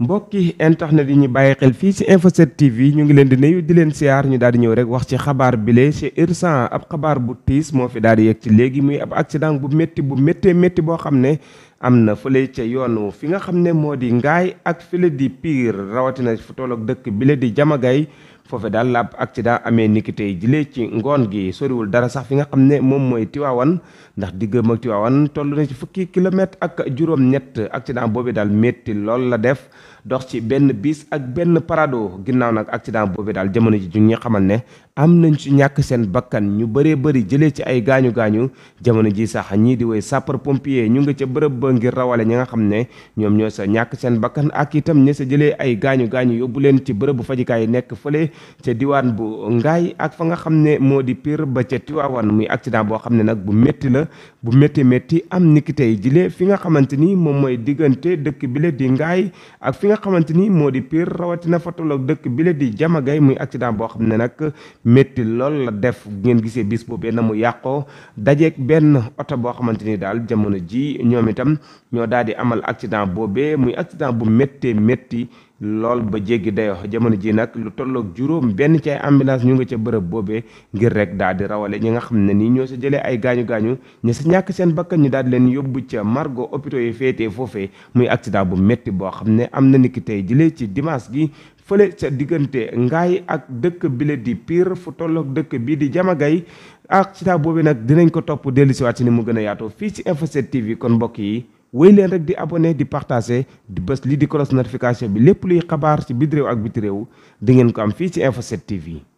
mbokki internet yi ñu bàyyi xel fii ci Info 7 TV ñu ngi leen di nuyu di leen siyaar ñu daal di ñëw rek wax ci xabaar bile ci urgent ab xabaar bu tiis moo fi daal di yegg ci léegi muy ab accident bu métti bu méttee métti boo xam ne am na fële ca yoonu fi nga xam ne moo di ngaay ak fële di piir rawatina fu tolloog dëkk bile di jamagaay foofe daal la ci accident amee niki tey jile ci ngoon gi soriwul dara sax fi nga xam ne moom mooy Tiwaawan ndax diggam ak Tiwaawan tollu na ci fukki kilomètre ak juróom-ñett accident boobu daal métti lool la def dox ci benn bis ak benn parado ginnaaw nag accident boobu daal jamono ji ju ñu xamal ne am nañ ci ñàkk seen bakkan ñu bëree bëri jëlee ci ay gaañu gaañu jamono ngir rawale ñi nga xam ne ñoom ñoo sa ñàkk seen bakkan ak itam ñi sa jëlee ay gaañu gaañu yóbbu leen ci bërëb bu fajukaay nekk fële ca diwaan bu ngaay ak fa nga xam ne moo di piir ba ca tiwaawan muy accident boo xam ne nag bu métti la bu métti métti am niki tey fi nga xamante ni moom mooy diggante dëkk bile di ngaay ak fi nga xamante ni moo di piir rawatina fataloog dëkk bile di jamagay muy accident boo xam ne nag métti lool la def ngeen gisee bis boobee na mu yàqoo dajeeg benn oto boo xamante ni daal jamono ji ñoom itam ñoo daal di amal accident boobee muy accident bu méttee métti lool ba jéggi dayo jamono ji nag lu tolloog juróom benn ci ay ambulance ñu nga ca bërëb boobee ngir rek daal di rawale ñi nga xam ne nii ñoo si jëlee ay gaañu-gaañu ñu si ñàkk seen bakkan ñu daal di leen yóbbu ca margo hôpitaux yi féetee foofee muy accident bu métti boo xam ne am na ki tey jëlee ci dimanche gi fële sa diggante ngaay ak dëkk bile di piir fu tolloog dëkk bii di jamagay accident boobu nag dinañ ko topp si siwaat si ni mu gën a yaatoo fii ci Info 7 TV kon mbokk yi wéy leen rek di abonné di partagé di bés lii di cloche notification bi lépp luy xabaar ci biir ak biti réew di ngeen ko am fii ci Info 7 TV